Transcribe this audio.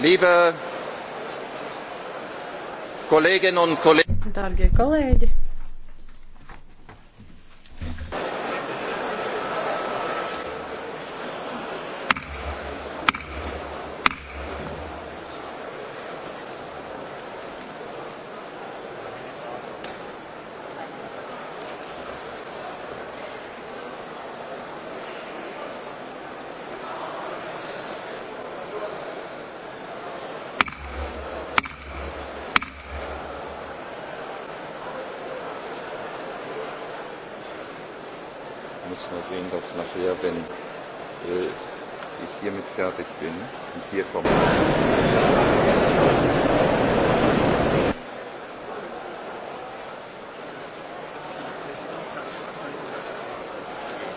Liebe Kolleginnen und Kollegen. Dārgie kolēģi! müssen wir sehen, dass nachher, wenn äh, ich hiermit fertig bin und hier komme.